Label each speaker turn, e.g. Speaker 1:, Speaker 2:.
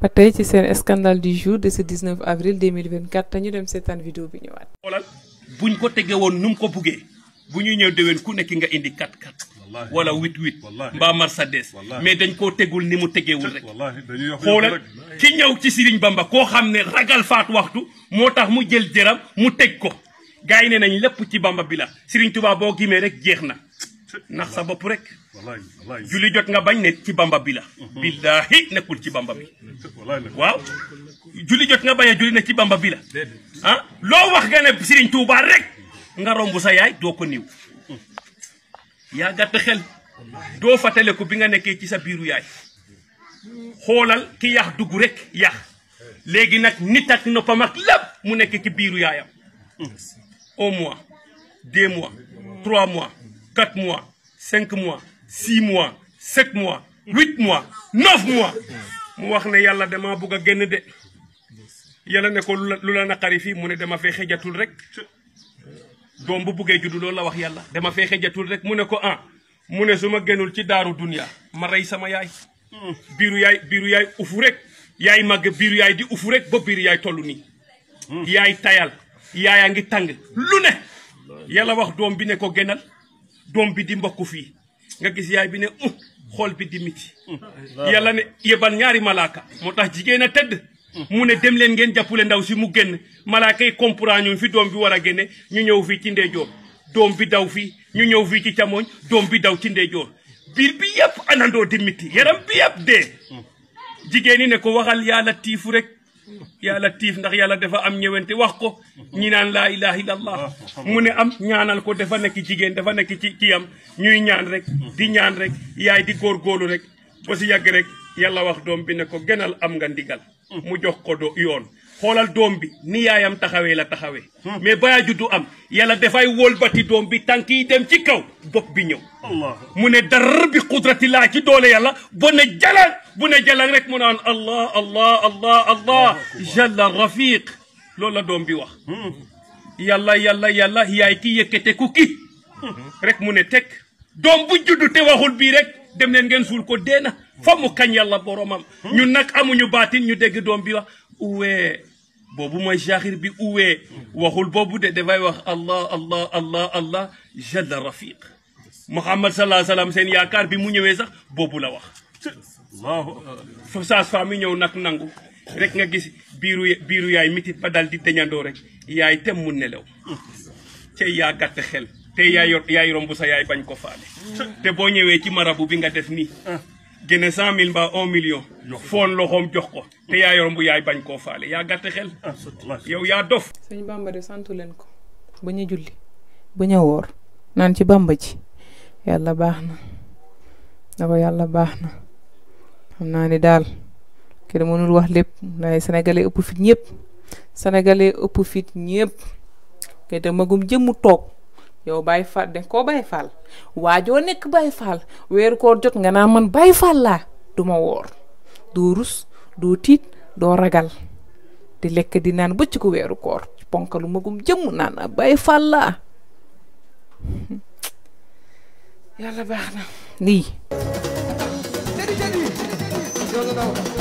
Speaker 1: ba tey ci seen scandale du jour de ce 19 avril 2024 te ñu dem seetaan vidéo bi ñu ñëwaat. xoolal buñ ko tegee woon nu mu ko buggee bu ñu ñëw déwén
Speaker 2: ku nekk nga indi 4 4 wala 8 8 mbaa Mercedes mais dañ koo tegul ni mu tegewul rek xoolal ki ñëw ci Serigne Bamba koo xam ne ragal faat waxtu moo tax mu jël jëram mu teg ko gars yi ne nañ lépp ci Bamba bi la Serigne Touba boo gimee rek jeex na ndax sa bopp rek. julli jot nga bañ ne ci bamba bi la uh-huh. billahi nekkul ci bamba bi waaw julli jot nga bañ a julli ne ci bamba bi la ah lo wax nga serigne touba rek nga rombu sa yaay do ko niw uh-huh. ya gatt xel do fatale ko bi nga nekkee ci sa biiru yaay xolal ki yah dug rek yah léegi nak nit ak noppam ak lepp mu ci biiru yaayam au uh-huh. mois 2 mois 3 mois 4 mois 5 mois six mois sept mois huit mois neuf mois mu wax ne yàlla dama bugg a génn de yàlla ne ko lu la naqari fii mu ne dama fee xejatul rek doom bu buggee juddu loolu la wax yàlla dama fee xejatul rek mu ne ko ah mu ne su ma ci daaru dunya ma rey sama yaay biiru yaay biiru yaay ufu rek yaay màgg biiru yaay di ufu rek ba biiru yaay toll nii yaay tayal yaayaa ngi tàng lu ne yàlla wax doom bi ne ko génnal doom bi di mbokku fii nga gis yaay bi ne uh, xool bi di miti hmm. Hmm. yàlla ne yebal ñaari malaaka moo tax jigéen a tëdd hmm. mu ne dem leen ngeen jàppule ndaw si mu génn malaaka yi comprendre fi doom bi war a génne ñu ñëw fii ci ndeyjoor doom bi daw fii ñu ñëw fii ci camooñ doom bi daw ci ndeyjoor biir bi yëpp anandoo di miti yaram bi yëpp dee ne ko waxal yàlla tiifu yàlla tiif ndax yàlla dafa am ñëwante wax ko ñi naan laa ilaha illallah mu ne am ñaanal ko dafa nekk jigéen dafa nekk ci ci am ñuy ñaan rek di ñaan rek yaay di góorgóorlu rek ba si yàgg rek yàlla wax doom bi ne ko gënal am nga ndigal mu jox ko do yoon xolal dom bi ni yaayam taxawé la taxawé mais baya juddu am yàlla defay wólbati dom bi tanki dem ci kaw bopp bi ñëw. mu ne dar bi qudrati la ci dole yàlla bu ne jalal bu ne jalal rek mu naan allah allah allah allah jalla rafiq lol la dom bi wax. yàlla yàlla yàlla yaay ki yekete ku ki rek mu ne teg doom bu juddu te waxul bi rek dem len ngeen sul ko deena famu fa kañ yàlla boromam. ñun nak amuñu baatin ñu dégg dom bi wax. uwe بوبو ما جاهر بي اوي وهو البوبو دي دي الله الله الله الله, الله جل رفيق محمد صلى الله عليه وسلم سين ياكار بي مو نيوي لا واخ الله فسا فامي نيو نانغو ركنا nga بيرو biru biru yaay miti pa dal di teñando rek yaay tem mu nelew te ya gatt xel te ya yor yaay rombu sa yaay bañ ko faale te bo ñewé ci marabu bi nga génne cent mille mbaa un million foon loxoom jox ko te yaa yorom yaay bañ koo faale yaa gàtt xel ah, ah, yow yaa
Speaker 1: dof sëñ bàmba de santu leen ko ba ñu julli ba ñu woor naan ci bàmba ji yàlla baax na da yàlla baax na xam naa ni daal ki mënul wax lépp waaye sénégalais ëpp fit ñëpp sénégalais ëpp fit ñëpp kay te magum jëmmu toog yow bay fal den ko bay fal wajo nek bay fal wer ko jot nga naa man bay fal la du ma woor rus doo tit do ragal di lek di nan bëcc ko weru koor ponkalu magum jëmm naan a fal la laa yàlla baax na lii